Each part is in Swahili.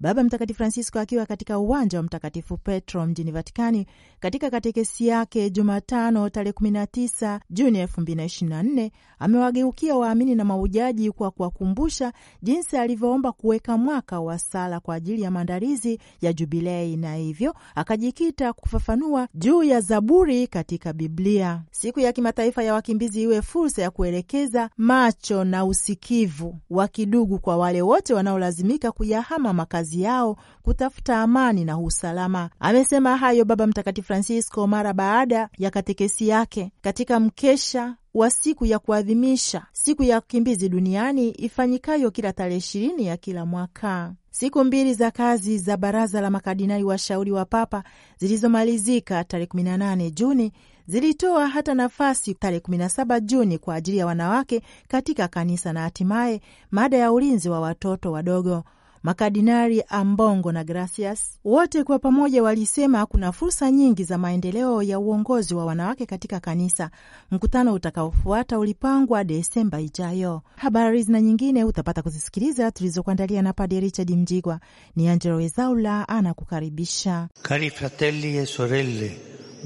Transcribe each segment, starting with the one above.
Baba Mtakatifu Francisco akiwa katika uwanja wa Mtakatifu Petro mjini Vatikani katika katekesi yake Jumatano tarehe 19 Juni 2024 amewageukia waamini na maujaji kwa kuwakumbusha jinsi alivyoomba kuweka mwaka wa sala kwa ajili ya maandalizi ya Jubilei, na hivyo akajikita kufafanua juu ya Zaburi katika Biblia. Siku ya Kimataifa ya Wakimbizi iwe fursa ya kuelekeza macho na usikivu wa kidugu kwa wale wote wanaolazimika kuyahama makazi makazi yao kutafuta amani na usalama. Amesema hayo Baba Mtakatifu Francisco mara baada ya katekesi yake katika mkesha wa siku ya kuadhimisha siku ya wakimbizi duniani ifanyikayo kila tarehe ishirini ya kila mwaka. Siku mbili za kazi za Baraza la Makardinali Washauri wa Papa zilizomalizika tarehe 18 Juni zilitoa hata nafasi tarehe 17 Juni kwa ajili ya wanawake katika kanisa na hatimaye mada ya ulinzi wa watoto wadogo makardinali Ambongo na Gracias wote kwa pamoja walisema kuna fursa nyingi za maendeleo ya uongozi wa wanawake katika kanisa. Mkutano utakaofuata ulipangwa Desemba ijayo. Habari zina nyingine utapata kuzisikiliza tulizokuandalia na Padre Richard Mjigwa. Ni Angelo Wezaula anakukaribisha. Cari fratelli e sorelle,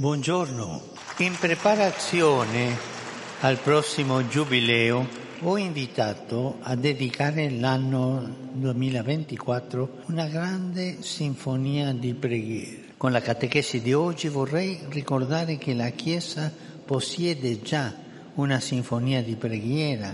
buongiorno. In preparazione al prossimo jubileo Ho invitato a dedicare l'anno 2024 una grande sinfonia di preghiere. Con la catechesi di oggi vorrei ricordare che la Chiesa possiede già una sinfonia di preghiera,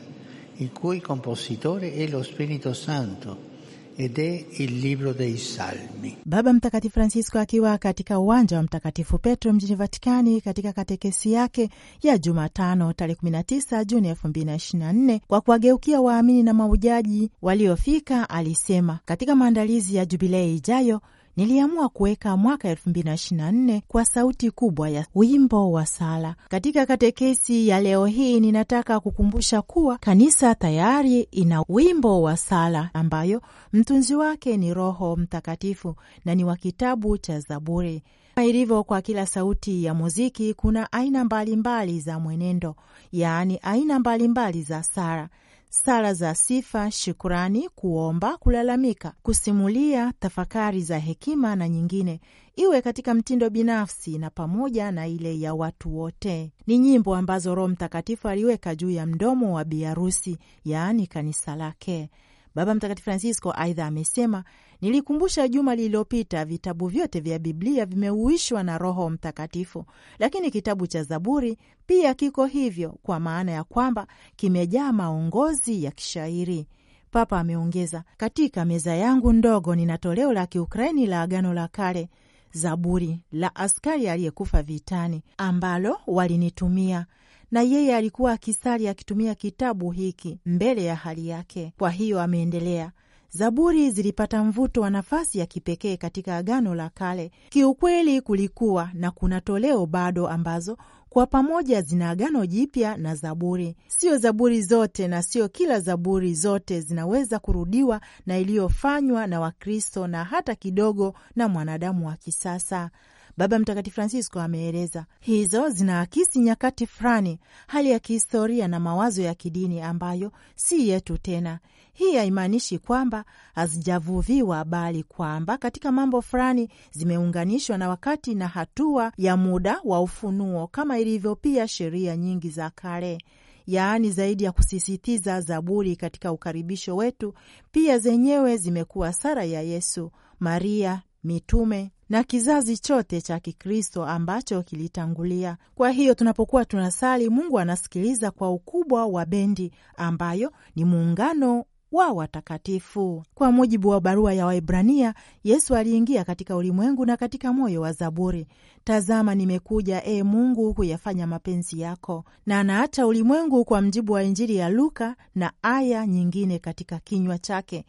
il cui compositore è lo Spirito Santo ed è il libro dei salmi. Baba Mtakatifu Francisco akiwa katika uwanja wa Mtakatifu Petro mjini Vatikani katika katekesi yake ya Jumatano tarehe 19 Juni 2024 kwa kuwageukia waamini na maujaji waliofika, alisema katika maandalizi ya jubilei ijayo niliamua kuweka mwaka 2024 kwa sauti kubwa ya wimbo wa sala. Katika katekesi ya leo hii, ninataka kukumbusha kuwa kanisa tayari ina wimbo wa sala ambayo mtunzi wake ni Roho Mtakatifu na ni wa kitabu cha Zaburi. Kama ilivyo kwa kila sauti ya muziki, kuna aina mbalimbali mbali za mwenendo, yaani aina mbalimbali mbali za sala sala za sifa, shukurani, kuomba, kulalamika, kusimulia, tafakari za hekima na nyingine, iwe katika mtindo binafsi na pamoja na ile ya watu wote. Ni nyimbo ambazo Roho Mtakatifu aliweka juu ya mdomo wa biharusi, yaani kanisa lake. Baba Mtakatifu Francisco aidha amesema Nilikumbusha juma lililopita, vitabu vyote vya Biblia vimeuishwa na Roho Mtakatifu, lakini kitabu cha Zaburi pia kiko hivyo, kwa maana ya kwamba kimejaa maongozi ya kishairi. Papa ameongeza, katika meza yangu ndogo nina toleo la Kiukraini la Agano la Kale, Zaburi la askari aliyekufa vitani, ambalo walinitumia na yeye alikuwa akisali akitumia kitabu hiki mbele ya hali yake. Kwa hiyo ameendelea, Zaburi zilipata mvuto wa nafasi ya kipekee katika Agano la Kale. Kiukweli, kulikuwa na kuna toleo bado ambazo kwa pamoja zina Agano Jipya na Zaburi. Sio zaburi zote na sio kila zaburi zote zinaweza kurudiwa na iliyofanywa na Wakristo na hata kidogo na mwanadamu wa kisasa. Baba Mtakatifu Francisco ameeleza hizo zinaakisi nyakati fulani, hali ya kihistoria na mawazo ya kidini ambayo si yetu tena. Hii haimaanishi kwamba hazijavuviwa, bali kwamba katika mambo fulani zimeunganishwa na wakati na hatua ya muda wa ufunuo, kama ilivyo pia sheria nyingi za kale. Yaani, zaidi ya kusisitiza Zaburi katika ukaribisho wetu, pia zenyewe zimekuwa sara ya Yesu, Maria mitume na kizazi chote cha Kikristo ambacho kilitangulia. Kwa hiyo tunapokuwa tunasali, Mungu anasikiliza kwa ukubwa wa bendi ambayo ni muungano wa watakatifu. Kwa mujibu wa barua ya Waebrania, Yesu aliingia katika ulimwengu na katika moyo wa Zaburi, tazama nimekuja, e Mungu, kuyafanya mapenzi yako, na anaacha ulimwengu kwa mjibu wa Injili ya Luka na aya nyingine katika kinywa chake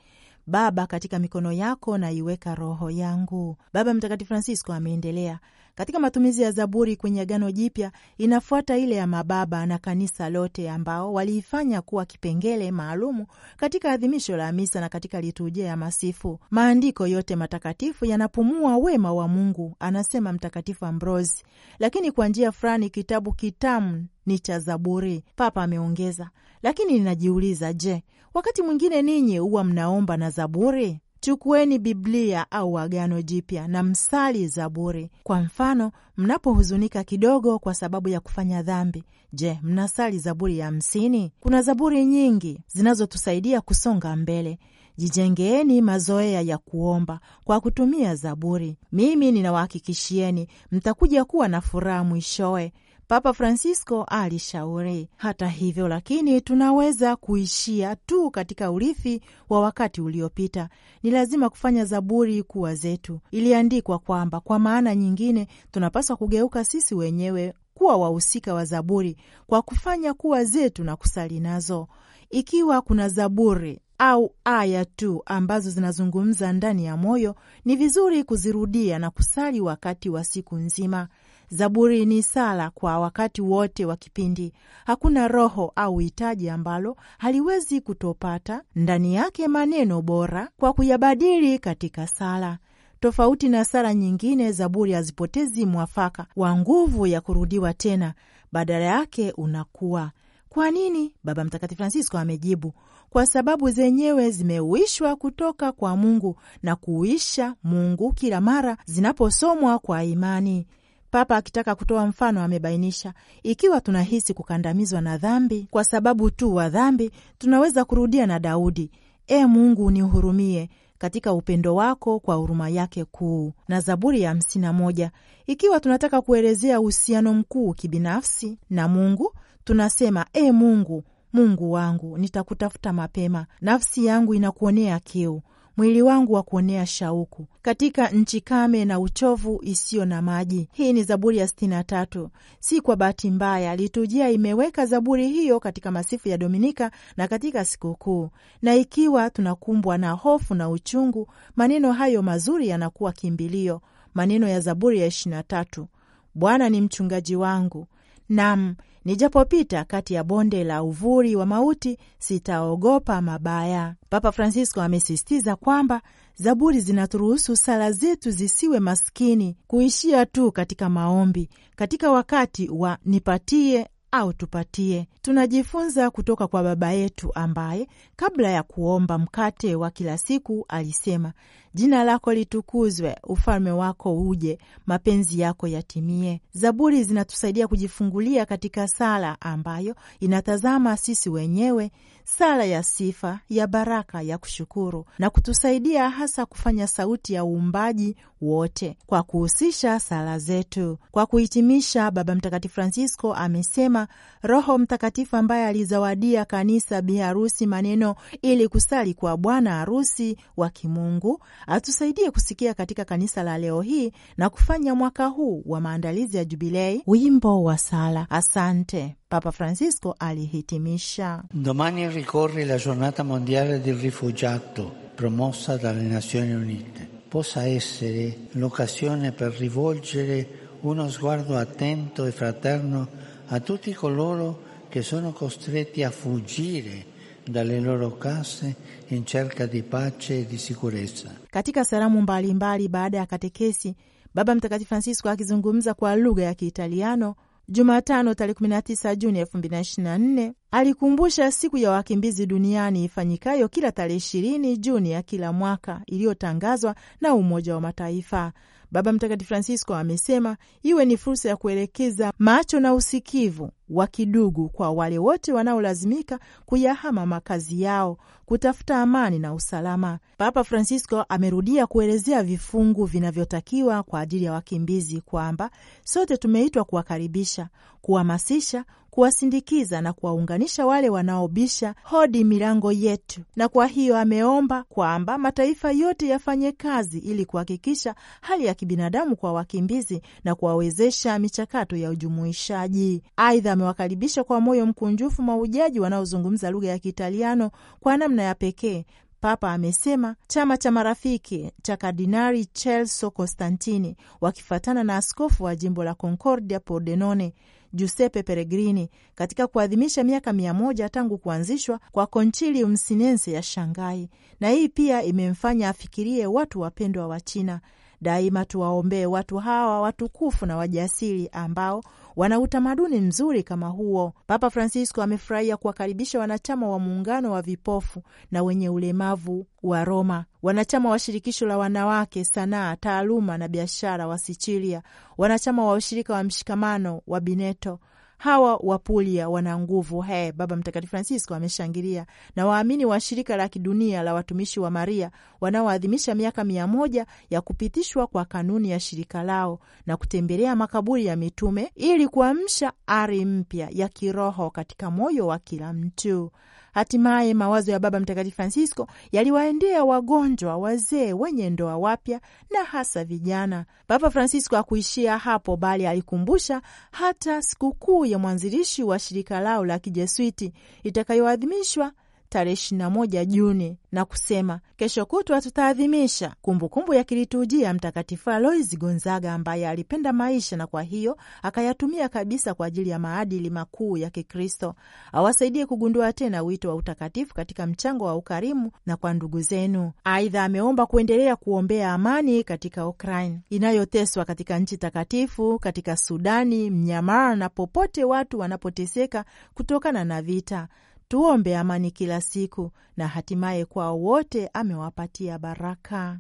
Baba, katika mikono yako naiweka roho yangu. Baba Mtakatifu Francisco ameendelea katika matumizi ya Zaburi kwenye Agano Jipya inafuata ile ya mababa na kanisa lote, ambao waliifanya kuwa kipengele maalumu katika adhimisho la misa na katika liturujia ya masifu. Maandiko yote matakatifu yanapumua wema wa Mungu, anasema Mtakatifu Ambrosi, lakini kwa njia fulani kitabu kitamu ni cha zaburi, Papa ameongeza. Lakini ninajiuliza, je, wakati mwingine ninyi huwa mnaomba na zaburi? Chukueni Biblia au Agano Jipya na msali zaburi. Kwa mfano, mnapohuzunika kidogo kwa sababu ya kufanya dhambi, je, mnasali zaburi ya hamsini? Kuna zaburi nyingi zinazotusaidia kusonga mbele. Jijengeeni mazoea ya kuomba kwa kutumia zaburi. Mimi ninawahakikishieni mtakuja kuwa na furaha mwishowe. Papa Francisco alishauri. Hata hivyo lakini, tunaweza kuishia tu katika urithi wa wakati uliopita. Ni lazima kufanya zaburi kuwa zetu. Iliandikwa kwamba kwa maana nyingine, tunapaswa kugeuka sisi wenyewe kuwa wahusika wa zaburi kwa kufanya kuwa zetu na kusali nazo. Ikiwa kuna zaburi au aya tu ambazo zinazungumza ndani ya moyo, ni vizuri kuzirudia na kusali wakati wa siku nzima. Zaburi ni sala kwa wakati wote wa kipindi. Hakuna roho au hitaji ambalo haliwezi kutopata ndani yake maneno bora kwa kuyabadili katika sala. Tofauti na sala nyingine, Zaburi hazipotezi mwafaka wa nguvu ya kurudiwa tena, badala yake unakuwa. Kwa nini? Baba Mtakatifu Francisco amejibu kwa sababu zenyewe zimeuishwa kutoka kwa Mungu na kuuisha Mungu kila mara zinaposomwa kwa imani. Papa akitaka kutoa mfano amebainisha, ikiwa tunahisi kukandamizwa na dhambi kwa sababu tu wa dhambi, tunaweza kurudia na Daudi: E Mungu unihurumie katika upendo wako kwa huruma yake kuu, na Zaburi ya hamsini na moja. Ikiwa tunataka kuelezea uhusiano mkuu kibinafsi na Mungu, tunasema E Mungu, Mungu wangu, nitakutafuta mapema, nafsi yangu inakuonea kiu mwili wangu wa kuonea shauku katika nchi kame na uchovu isiyo na maji. Hii ni Zaburi ya sitini na tatu. Si kwa bahati mbaya liturujia imeweka zaburi hiyo katika masifu ya Dominika na katika sikukuu, na ikiwa tunakumbwa na hofu na uchungu, maneno hayo mazuri yanakuwa kimbilio, maneno ya Zaburi ya ishirini na tatu: Bwana ni mchungaji wangu, nam nijapopita kati ya bonde la uvuri wa mauti sitaogopa mabaya. Papa Francisco amesisitiza kwamba Zaburi zinaturuhusu sala zetu zisiwe maskini kuishia tu katika maombi, katika wakati wa nipatie au tupatie. Tunajifunza kutoka kwa Baba yetu ambaye kabla ya kuomba mkate wa kila siku alisema, jina lako litukuzwe, ufalme wako uje, mapenzi yako yatimie. Zaburi zinatusaidia kujifungulia katika sala ambayo inatazama sisi wenyewe sala ya sifa ya baraka ya kushukuru na kutusaidia hasa kufanya sauti ya uumbaji wote kwa kuhusisha sala zetu. Kwa kuhitimisha, Baba Mtakatifu Francisco amesema Roho Mtakatifu ambaye alizawadia kanisa biharusi maneno ili kusali kwa Bwana harusi wa kimungu atusaidie kusikia katika kanisa la leo hii na kufanya mwaka huu wa maandalizi ya Jubilei wimbo wa sala. Asante. Papa Francesco alihitimisha. Domani ricorre la giornata mondiale del rifugiato promossa dalle Nazioni Unite. Possa essere l'occasione per rivolgere uno sguardo attento e fraterno a tutti coloro che sono costretti a fuggire dalle loro case in cerca di pace e di sicurezza. Katika salamu mbalimbali baada ya katekesi, Baba Mtakatifu Francisco akizungumza kwa lugha ya Kiitaliano Jumatano tarehe 19 Juni 2024 alikumbusha siku ya wakimbizi duniani ifanyikayo kila tarehe 20 Juni ya kila mwaka iliyotangazwa na Umoja wa Mataifa. Baba Mtakatifu Francisco amesema iwe ni fursa ya kuelekeza macho na usikivu wa kidugu kwa wale wote wanaolazimika kuyahama makazi yao kutafuta amani na usalama. Papa Francisco amerudia kuelezea vifungu vinavyotakiwa kwa ajili ya wakimbizi, kwamba sote tumeitwa kuwakaribisha, kuhamasisha kuwasindikiza na kuwaunganisha wale wanaobisha hodi milango yetu. Na kwa hiyo ameomba kwamba mataifa yote yafanye kazi ili kuhakikisha hali ya kibinadamu kwa wakimbizi na kuwawezesha michakato ya ujumuishaji. Aidha, amewakaribisha kwa moyo mkunjufu maujaji wanaozungumza lugha ya Kiitaliano kwa namna ya pekee. Papa amesema chama cha marafiki cha kardinari Celso Costantini wakifatana na askofu wa jimbo la Concordia Pordenone Giuseppe Peregrini katika kuadhimisha miaka mia moja tangu kuanzishwa kwa Konchili Msinense ya Shangai, na hii pia imemfanya afikirie watu wapendwa wa China. Daima tuwaombee watu hawa watukufu na wajasiri ambao wana utamaduni mzuri kama huo. Papa Francisco amefurahia kuwakaribisha wanachama wa muungano wa vipofu na wenye ulemavu wa Roma, wanachama wa shirikisho la wanawake, sanaa, taaluma na biashara wa Sichilia, wanachama wa ushirika wa mshikamano wa Bineto Hawa Wapulia wana nguvu he! Baba Mtakatifu Francisco ameshangilia na waamini wa shirika la kidunia la watumishi wa Maria wanaoadhimisha miaka mia moja ya kupitishwa kwa kanuni ya shirika lao na kutembelea makaburi ya mitume ili kuamsha ari mpya ya kiroho katika moyo wa kila mtu. Hatimaye mawazo ya Baba Mtakatifu Francisco yaliwaendea wagonjwa, wazee, wenye ndoa wapya na hasa vijana. Papa Francisco hakuishia hapo, bali alikumbusha hata sikukuu ya mwanzilishi wa shirika lao la Kijesuiti itakayoadhimishwa tarehe 21 Juni na kusema kesho kutwa tutaadhimisha kumbukumbu ya kiliturujia Mtakatifu Alois Gonzaga ambaye alipenda maisha na kwa hiyo akayatumia kabisa kwa ajili ya maadili makuu ya Kikristo, awasaidie kugundua tena wito wa utakatifu katika mchango wa ukarimu na kwa ndugu zenu. Aidha, ameomba kuendelea kuombea amani katika Ukraine inayoteswa, katika nchi takatifu, katika Sudani, Mnyamara na popote watu wanapoteseka kutokana na vita. Tuombe amani kila siku, na hatimaye kwa wote amewapatia baraka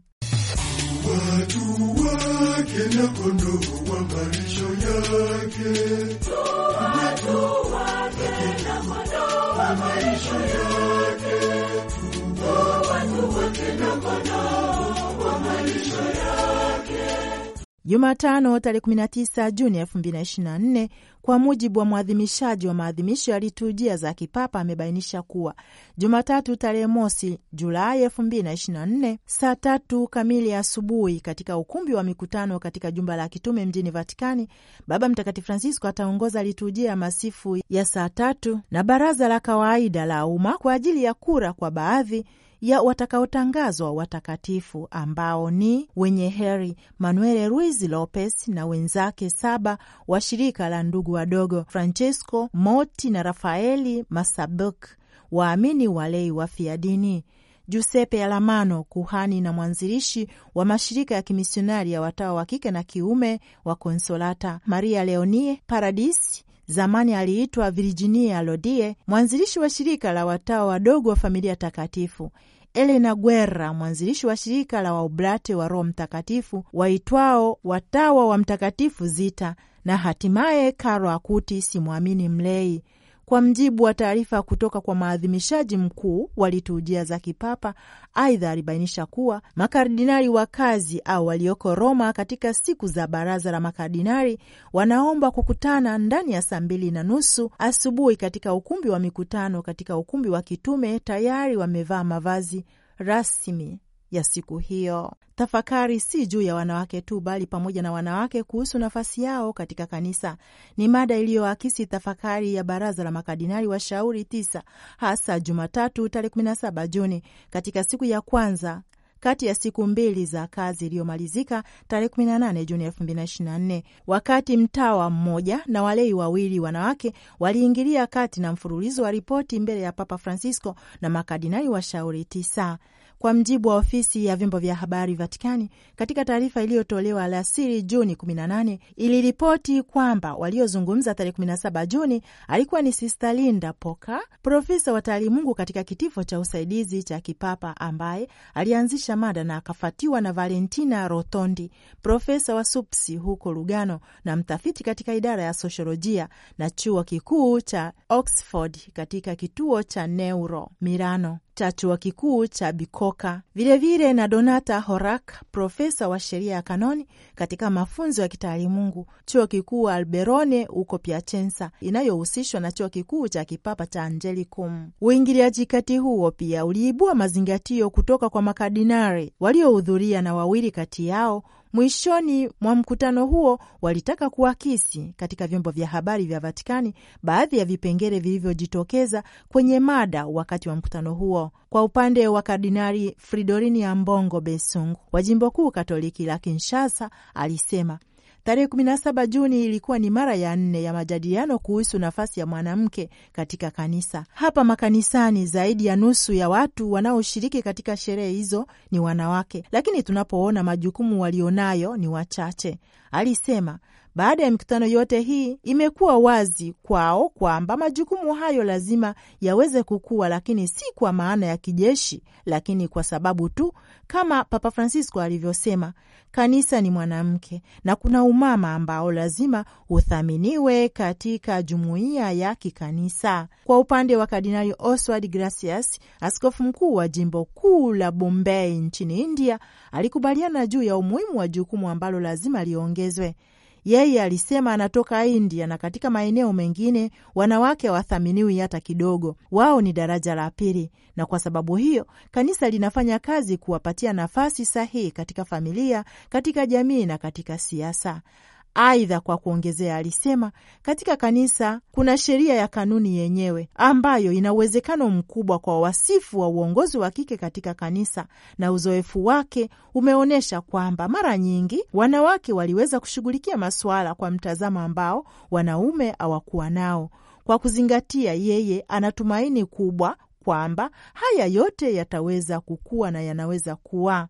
watu wake na kondoo wa malisho yake, watu wake na kondoo wa malisho yake, watu wake na kondoo Jumatano tarehe 19 Juni 2024, kwa mujibu wa mwadhimishaji wa maadhimisho ya liturujia za kipapa amebainisha kuwa Jumatatu tarehe mosi Julai 2024 saa tatu kamili asubuhi katika ukumbi wa mikutano katika jumba la kitume mjini Vatikani, Baba Mtakatifu Francisco ataongoza liturujia ya masifu ya saa tatu na baraza la kawaida la umma kwa ajili ya kura kwa baadhi ya watakaotangazwa watakatifu ambao ni wenye heri Manuel Ruiz Lopez na wenzake saba wa shirika la ndugu wadogo Francesco Moti na Rafaeli Masabuk, waamini walei dini Giuseppe Alamano, kuhani na mwanzilishi wa mashirika ya kimisionari ya watawa wa kike na kiume wa Konsolata; Maria Leonie Paradisi, zamani aliitwa Virginia Lodie, mwanzilishi wa shirika la watawa wadogo wa familia takatifu, Elena Guerra, mwanzilishi wa shirika la waubrate wa Roho Mtakatifu waitwao watawa wa Mtakatifu Zita, na hatimaye Karo Akuti, simwamini mlei kwa mjibu wa taarifa kutoka kwa maadhimishaji mkuu wa liturujia za kipapa, aidha alibainisha kuwa makardinali wa kazi au walioko Roma katika siku za baraza la makardinali wanaomba kukutana ndani ya saa mbili na nusu asubuhi katika ukumbi wa mikutano katika ukumbi wa kitume, tayari wamevaa mavazi rasmi ya siku hiyo. Tafakari si juu ya wanawake tu, bali pamoja na wanawake kuhusu nafasi yao katika kanisa, ni mada iliyoakisi tafakari ya Baraza la Makardinali Washauri tisa, hasa Jumatatu tarehe 17 Juni, katika siku ya kwanza kati ya siku mbili za kazi iliyomalizika tarehe 18 Juni 2024, wakati mtawa mmoja na walei wawili wanawake waliingilia kati na mfululizo wa ripoti mbele ya Papa Francisco na makardinali washauri tisa kwa mjibu wa ofisi ya vyombo vya habari Vatikani, katika taarifa iliyotolewa alasiri Juni 18 iliripoti kwamba waliozungumza tarehe 17 Juni alikuwa ni Sista Linda Poka, profesa wa taalimungu katika kitivo cha usaidizi cha kipapa ambaye alianzisha mada na akafuatiwa na Valentina Rotondi, profesa wa SUPSI huko Lugano na mtafiti katika idara ya sosiolojia na chuo kikuu cha Oxford katika kituo cha neuro Mirano cha chuo kikuu cha Bicocca kutoka. vilevile na Donata Horak, profesa wa sheria ya kanoni katika mafunzo ya kitaalimungu chuo kikuu Alberone huko Piacenza, inayohusishwa na chuo kikuu cha kipapa cha Angelicum. Uingiliaji kati huo pia uliibua mazingatio kutoka kwa makardinari waliohudhuria na wawili kati yao Mwishoni mwa mkutano huo walitaka kuakisi katika vyombo vya habari vya Vatikani baadhi ya vipengele vilivyojitokeza kwenye mada wakati wa mkutano huo. Kwa upande wa Kardinali Fridolin Ambongo Besungu wa jimbo kuu Katoliki la Kinshasa alisema Tarehe 17 Juni ilikuwa ni mara ya nne ya majadiliano kuhusu nafasi ya mwanamke katika kanisa. Hapa makanisani, zaidi ya nusu ya watu wanaoshiriki katika sherehe hizo ni wanawake, lakini tunapoona majukumu walionayo ni wachache, alisema. Baada ya mikutano yote hii, imekuwa wazi kwao kwamba majukumu hayo lazima yaweze kukua, lakini si kwa maana ya kijeshi, lakini kwa sababu tu kama Papa Francisco alivyosema, kanisa ni mwanamke na kuna umama ambao lazima uthaminiwe katika jumuiya ya kikanisa. Kwa upande wa Kardinali Oswald Gracias, askofu mkuu wa jimbo kuu la Bombay nchini India, alikubaliana juu ya umuhimu wa jukumu ambalo lazima liongezwe yeye alisema anatoka India na katika maeneo mengine wanawake hawathaminiwi hata kidogo, wao ni daraja la pili, na kwa sababu hiyo kanisa linafanya kazi kuwapatia nafasi sahihi katika familia, katika jamii na katika siasa. Aidha, kwa kuongezea, alisema katika kanisa kuna sheria ya kanuni yenyewe ambayo ina uwezekano mkubwa kwa wasifu wa uongozi wa kike katika kanisa, na uzoefu wake umeonyesha kwamba mara nyingi wanawake waliweza kushughulikia masuala kwa mtazamo ambao wanaume hawakuwa nao. Kwa kuzingatia, yeye anatumaini kubwa kwamba haya yote yataweza kukua na yanaweza kuwa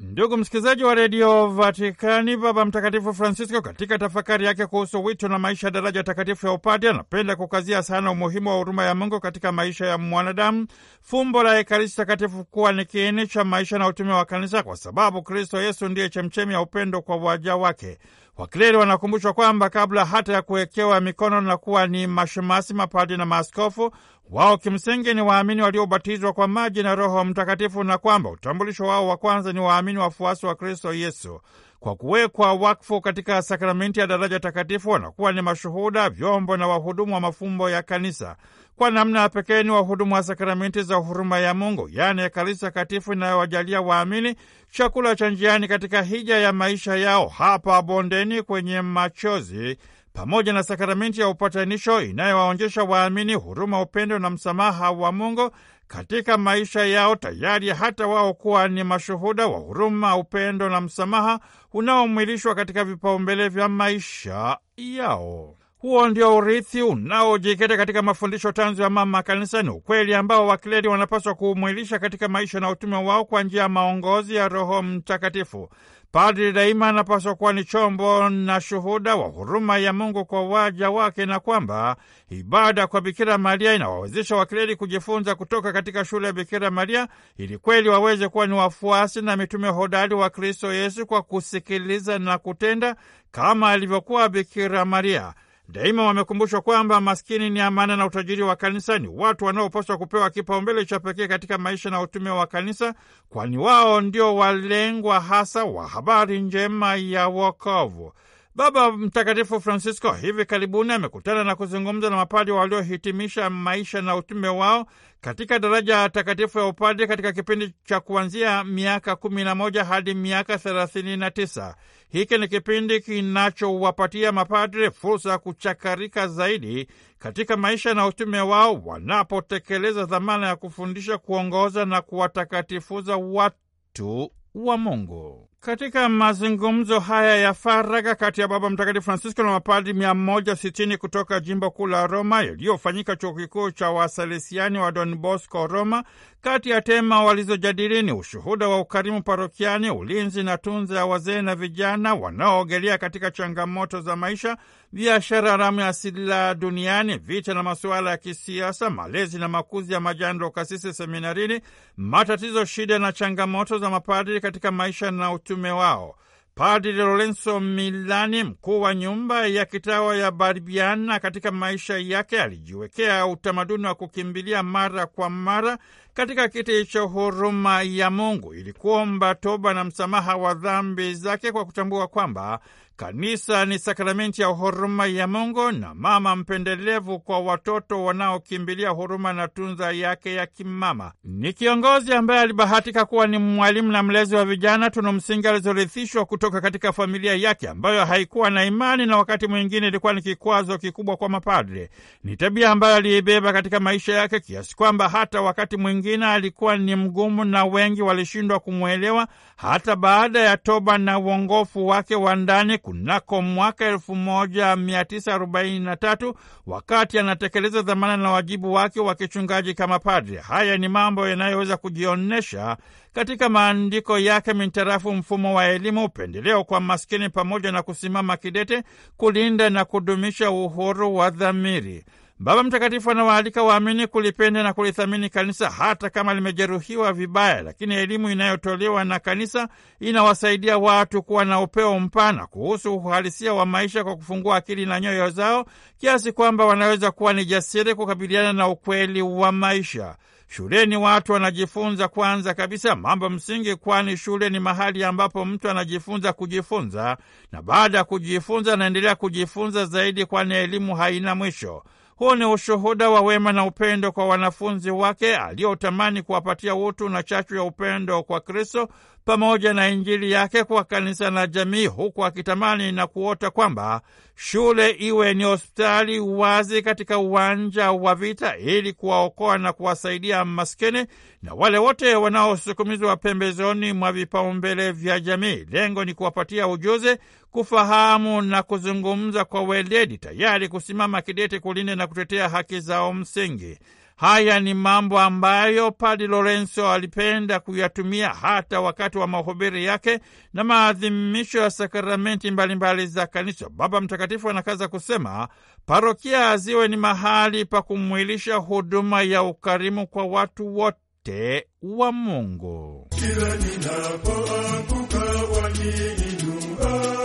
Ndugu msikilizaji wa redio Vatikani, Baba Mtakatifu Francisco katika tafakari yake kuhusu wito na maisha ya daraja takatifu ya upadi anapenda kukazia sana umuhimu wa huruma ya Mungu katika maisha ya mwanadamu, fumbo la Ekaristi takatifu kuwa ni kiini cha maisha na utume wa Kanisa, kwa sababu Kristo Yesu ndiye chemchemi ya upendo kwa waja wake. Wakleri wanakumbushwa kwamba kabla hata ya kuwekewa mikono na kuwa ni mashemasi, mapadi na maaskofu, wao kimsingi ni waamini waliobatizwa kwa maji na Roho Mtakatifu, na kwamba utambulisho wao wa kwanza ni waamini wafuasi wa Kristo Yesu kwa kuwekwa wakfu katika sakramenti ya daraja takatifu, wanakuwa ni mashuhuda, vyombo na wahudumu wa mafumbo ya Kanisa. Kwa namna ya pekee ni wahudumu wa sakramenti za huruma ya Mungu, yaani Ekaristi Takatifu inayowajalia waamini chakula cha njiani katika hija ya maisha yao hapa bondeni kwenye machozi pamoja na sakramenti ya upatanisho inayowaonjesha waamini huruma, upendo na msamaha wa Mungu katika maisha yao, tayari hata wao kuwa ni mashuhuda wa huruma, upendo na msamaha unaomwilishwa katika vipaumbele vya maisha yao. Huo ndio urithi unaojikita katika mafundisho tanzu ya mama kanisa. Ni ukweli ambao wakleri wanapaswa kuumwilisha katika maisha na utume wao kwa njia ya maongozi ya Roho Mtakatifu. Padri daima anapaswa kuwa ni chombo na shuhuda wa huruma ya Mungu kwa waja wake, na kwamba ibada kwa Bikira Maria inawawezesha wakleri kujifunza kutoka katika shule ya Bikira Maria ili kweli waweze kuwa ni wafuasi na mitume hodari wa Kristo Yesu kwa kusikiliza na kutenda kama alivyokuwa Bikira Maria. Daima wamekumbushwa kwamba maskini ni amana na utajiri wa kanisa ni watu wanaopaswa kupewa kipaumbele cha pekee katika maisha na utume wa kanisa, kwani wao ndio walengwa hasa wa habari njema ya wokovu. Baba Mtakatifu Francisco hivi karibuni amekutana na kuzungumza na mapadi waliohitimisha maisha na utume wao katika daraja ya takatifu ya upadi katika kipindi cha kuanzia miaka kumi na moja hadi miaka thelathini na tisa. Hiki ni kipindi kinachowapatia mapadri fursa ya kuchakarika zaidi katika maisha na utume wao wanapotekeleza dhamana ya kufundisha, kuongoza na kuwatakatifuza watu wa Mungu. Katika mazungumzo haya ya faragha kati ya Baba Mtakatifu Francisco na mapadri 160 kutoka jimbo kuu la Roma yaliyofanyika chuo kikuu cha Wasalesiani wa Don Bosco Roma, kati ya tema walizojadili ni ushuhuda wa ukarimu parokiani, ulinzi na tunza ya wazee na vijana wanaoogelea katika changamoto za maisha, biashara haramu ya silaha duniani, vita na masuala ya kisiasa, malezi na makuzi ya majando kasisi seminarini, matatizo, shida na changamoto za mapadri katika maisha na utu utume wao. Padre Lorenzo Milani, mkuu wa nyumba ya kitawa ya Barbiana, katika maisha yake alijiwekea utamaduni wa kukimbilia mara kwa mara katika kiti cha huruma ya Mungu ili kuomba toba na msamaha wa dhambi zake kwa kutambua kwamba kanisa ni sakramenti ya huruma ya Mungu na mama mpendelevu kwa watoto wanaokimbilia huruma na tunza yake ya kimama. Ni kiongozi ambaye alibahatika kuwa ni mwalimu na mlezi wa vijana, tunu msingi alizorithishwa kutoka katika familia yake ambayo haikuwa na imani na wakati mwingine ilikuwa ni kikwazo kikubwa kwa mapadre. Ni tabia ambayo aliibeba katika maisha yake kiasi kwamba hata wakati mwingine mwingine alikuwa ni mgumu na wengi walishindwa kumwelewa hata baada ya toba na uongofu wake wa ndani kunako mwaka 1943 wakati anatekeleza dhamana na wajibu wake wa kichungaji kama padri. Haya ni mambo yanayoweza kujionyesha katika maandiko yake mintarafu mfumo wa elimu, upendeleo kwa maskini, pamoja na kusimama kidete kulinda na kudumisha uhuru wa dhamiri. Baba Mtakatifu anawaalika waamini kulipenda na kulithamini kanisa hata kama limejeruhiwa vibaya, lakini elimu inayotolewa na kanisa inawasaidia watu kuwa na upeo mpana kuhusu uhalisia wa maisha kwa kufungua akili na nyoyo zao kiasi kwamba wanaweza kuwa ni jasiri kukabiliana na ukweli wa maisha. Shuleni watu wanajifunza kwanza kabisa mambo msingi, kwani shule ni mahali ambapo mtu anajifunza kujifunza, na baada ya kujifunza anaendelea kujifunza zaidi, kwani elimu haina mwisho. Huu ni ushuhuda wa wema na upendo kwa wanafunzi wake aliyotamani kuwapatia utu na chachu ya upendo kwa Kristo pamoja na Injili yake kwa kanisa na jamii, huku akitamani na kuota kwamba shule iwe ni hospitali wazi katika uwanja wa vita, ili kuwaokoa na kuwasaidia maskini na wale wote wanaosukumizwa pembezoni mwa vipaumbele vya jamii. Lengo ni kuwapatia ujuzi kufahamu na kuzungumza kwa weledi, tayari kusimama kidete kulinda na kutetea haki zao msingi. Haya ni mambo ambayo Padi Lorenzo alipenda kuyatumia hata wakati wa mahubiri yake na maadhimisho ya sakramenti mbalimbali za Kanisa. Baba Mtakatifu anakaza kusema parokia ziwe ni mahali pa kumwilisha huduma ya ukarimu kwa watu wote wa Mungu. Kila ninapoanguka waniinua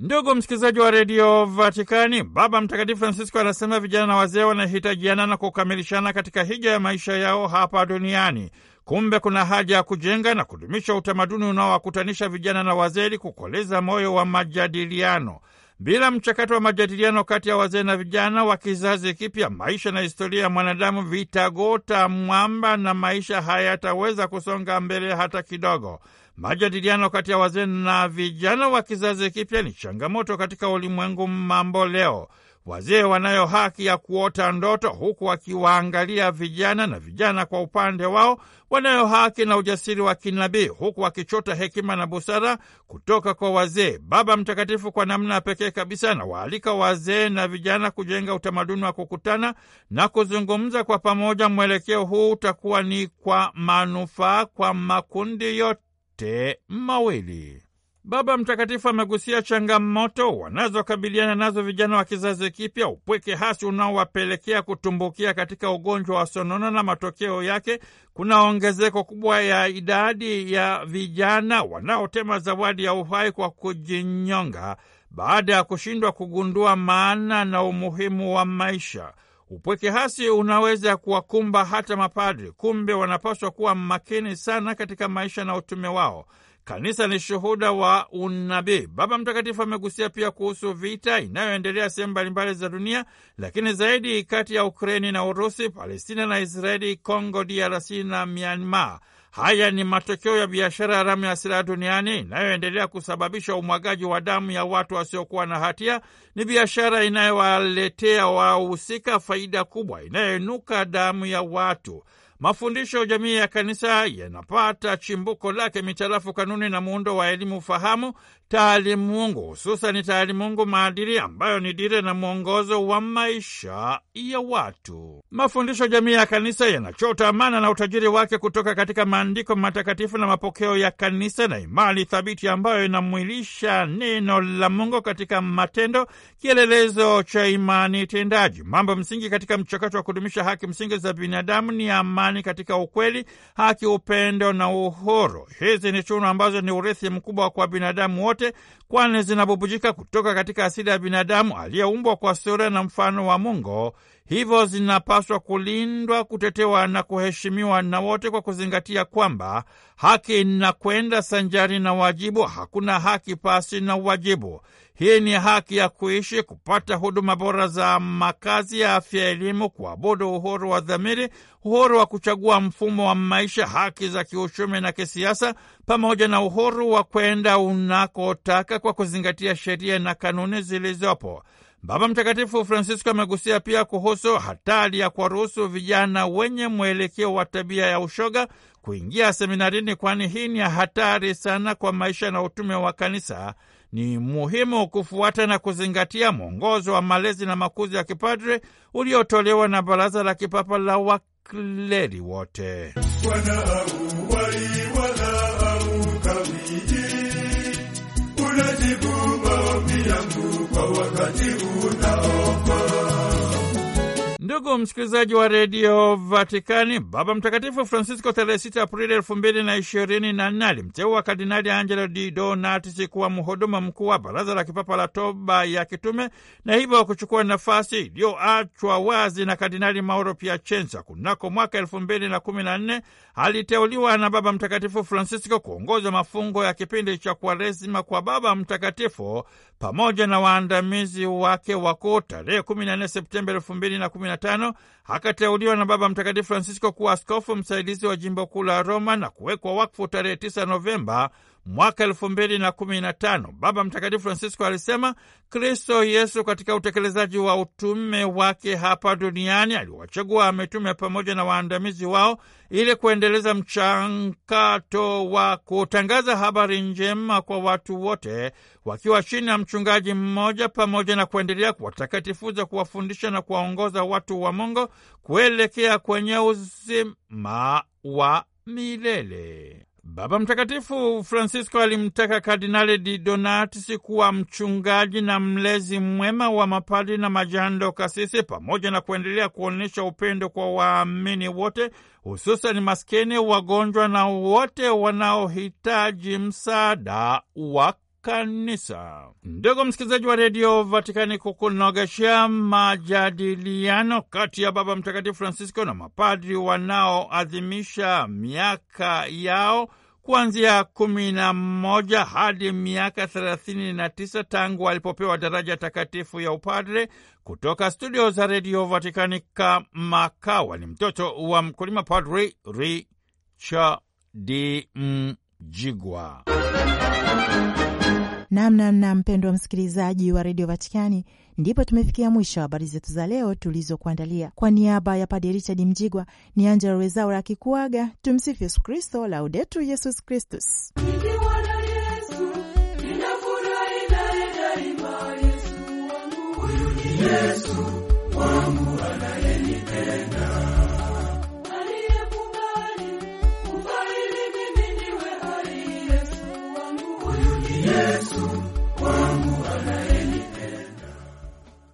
Ndugu msikilizaji wa redio Vatikani, Baba Mtakatifu Francisco anasema vijana na wazee wanahitajiana na kukamilishana katika hija ya maisha yao hapa duniani. Kumbe kuna haja ya kujenga na kudumisha utamaduni unaowakutanisha vijana na wazee, kukoleza moyo wa majadiliano. Bila mchakato wa majadiliano kati ya wazee na vijana wa kizazi kipya, maisha na historia ya mwanadamu vitagota mwamba na maisha hayataweza kusonga mbele hata kidogo. Majadiliano kati ya wazee na vijana wa kizazi kipya ni changamoto katika ulimwengu mambo leo. Wazee wanayo haki ya kuota ndoto huku wakiwaangalia vijana, na vijana kwa upande wao wanayo haki na ujasiri wa kinabii huku wakichota hekima na busara kutoka kwa wazee. Baba Mtakatifu kwa namna pekee kabisa anawaalika wazee na vijana kujenga utamaduni wa kukutana na kuzungumza kwa pamoja. Mwelekeo huu utakuwa ni kwa manufaa kwa makundi yote mawili. Baba Mtakatifu amegusia changamoto wanazokabiliana nazo vijana wa kizazi kipya, upweke hasi unaowapelekea kutumbukia katika ugonjwa wa sonona, na matokeo yake kuna ongezeko kubwa ya idadi ya vijana wanaotema zawadi ya uhai kwa kujinyonga baada ya kushindwa kugundua maana na umuhimu wa maisha. Upweke hasi unaweza kuwakumba hata mapadri, kumbe wanapaswa kuwa makini sana katika maisha na utume wao. Kanisa ni shuhuda wa unabii. Baba Mtakatifu amegusia pia kuhusu vita inayoendelea sehemu mbalimbali za dunia, lakini zaidi kati ya Ukraini na Urusi, Palestina na Israeli, Kongo DRC na Myanmar. Haya ni matokeo ya biashara haramu ya silaha duniani inayoendelea kusababisha umwagaji wa damu ya watu wasiokuwa na hatia. Ni biashara inayowaletea wahusika faida kubwa inayoinuka damu ya watu. Mafundisho ya jamii ya kanisa yanapata chimbuko lake mitarafu kanuni na muundo wa elimu fahamu taalimungu, hususani taalimungu maadili ambayo ni dira na mwongozo wa maisha ya watu. Mafundisho jamii ya kanisa yanachota amana na utajiri wake kutoka katika maandiko matakatifu na mapokeo ya kanisa na imani thabiti ambayo inamwilisha neno la Mungu katika matendo, kielelezo cha imani tendaji. Mambo msingi katika mchakato wa kudumisha haki msingi za binadamu ni amani katika ukweli, haki, upendo na uhuru. Hizi ni chuno ambazo ni urithi mkubwa kwa binadamu wote zote, kwani zinabubujika kutoka katika asili ya binadamu aliyeumbwa kwa sura na mfano wa Mungu. Hivyo zinapaswa kulindwa, kutetewa na kuheshimiwa na wote, kwa kuzingatia kwamba haki inakwenda sanjari na wajibu. Hakuna haki pasi na wajibu. Hii ni haki ya kuishi, kupata huduma bora za makazi, ya afya, elimu, kuabudu, uhuru wa dhamiri, uhuru wa kuchagua mfumo wa maisha, haki za kiuchumi na kisiasa, pamoja na uhuru wa kwenda unakotaka kwa kuzingatia sheria na kanuni zilizopo. Baba Mtakatifu Francisco amegusia pia kuhusu hatari ya kuwaruhusu vijana wenye mwelekeo wa tabia ya ushoga kuingia seminarini, kwani hii ni hatari sana kwa maisha na utume wa kanisa ni muhimu kufuata na kuzingatia mwongozo wa malezi na makuzi ya kipadre uliotolewa na Baraza la Kipapa la Wakleri wote Wana Ndugu msikilizaji wa redio Vatikani, Baba Mtakatifu Francisco tarehe 6 Aprili elfu mbili na ishirini na nne alimteua Kardinali Angelo Di Donatis kuwa mhuduma mkuu wa Baraza la Kipapa la Toba ya Kitume na hivyo kuchukua nafasi iliyoachwa wazi na Kardinali Mauro Piacenza. Kunako mwaka elfu mbili na kumi na nne aliteuliwa na Baba Mtakatifu Francisco kuongoza mafungo ya kipindi cha Kwaresima kwa Baba Mtakatifu pamoja na waandamizi wake wakuu tarehe 14 Septemba elfu mbili na kumi na tano tano akateuliwa na Baba Mtakatifu Francisco kuwa askofu msaidizi wa jimbo kuu la Roma na kuwekwa wakfu tarehe 9 Novemba Mwaka elfu mbili na kumi na tano Baba Mtakatifu Francisco alisema Kristo Yesu katika utekelezaji wa utume wake hapa duniani aliwachagua ametume pamoja na waandamizi wao ili kuendeleza mchakato wa kutangaza habari njema kwa watu wote wakiwa chini ya mchungaji mmoja, pamoja na kuendelea kuwatakatifuza, kuwafundisha na kuwaongoza watu wa Mungu kuelekea kwenye uzima wa milele. Baba Mtakatifu Francisco alimtaka Kardinali Di Donatis kuwa mchungaji na mlezi mwema wa mapadri na majando kasisi, pamoja na kuendelea kuonyesha upendo kwa waamini wote, hususani maskini, wagonjwa na wote wanaohitaji msaada wa kanisa. Ndugu msikilizaji wa redio Vatikani, kukunogeshea majadiliano kati ya Baba Mtakatifu Francisco na mapadri wanaoadhimisha miaka yao kuanzia kumi na moja hadi miaka thelathini na tisa tangu alipopewa daraja takatifu ya upadre. Kutoka studio za redio Vatikani, kamakawa ni mtoto wa mkulima, Padri Richard Mjigwa. Namnamna mpendwa msikilizaji wa redio Vatikani, ndipo tumefikia mwisho wa habari zetu za leo tulizokuandalia. Kwa, kwa niaba ya Padre Richard Mjigwa ni Angela Rezaura akikuaga. Tumsifu Yesu Kristo, Laudetur Yesus Kristus.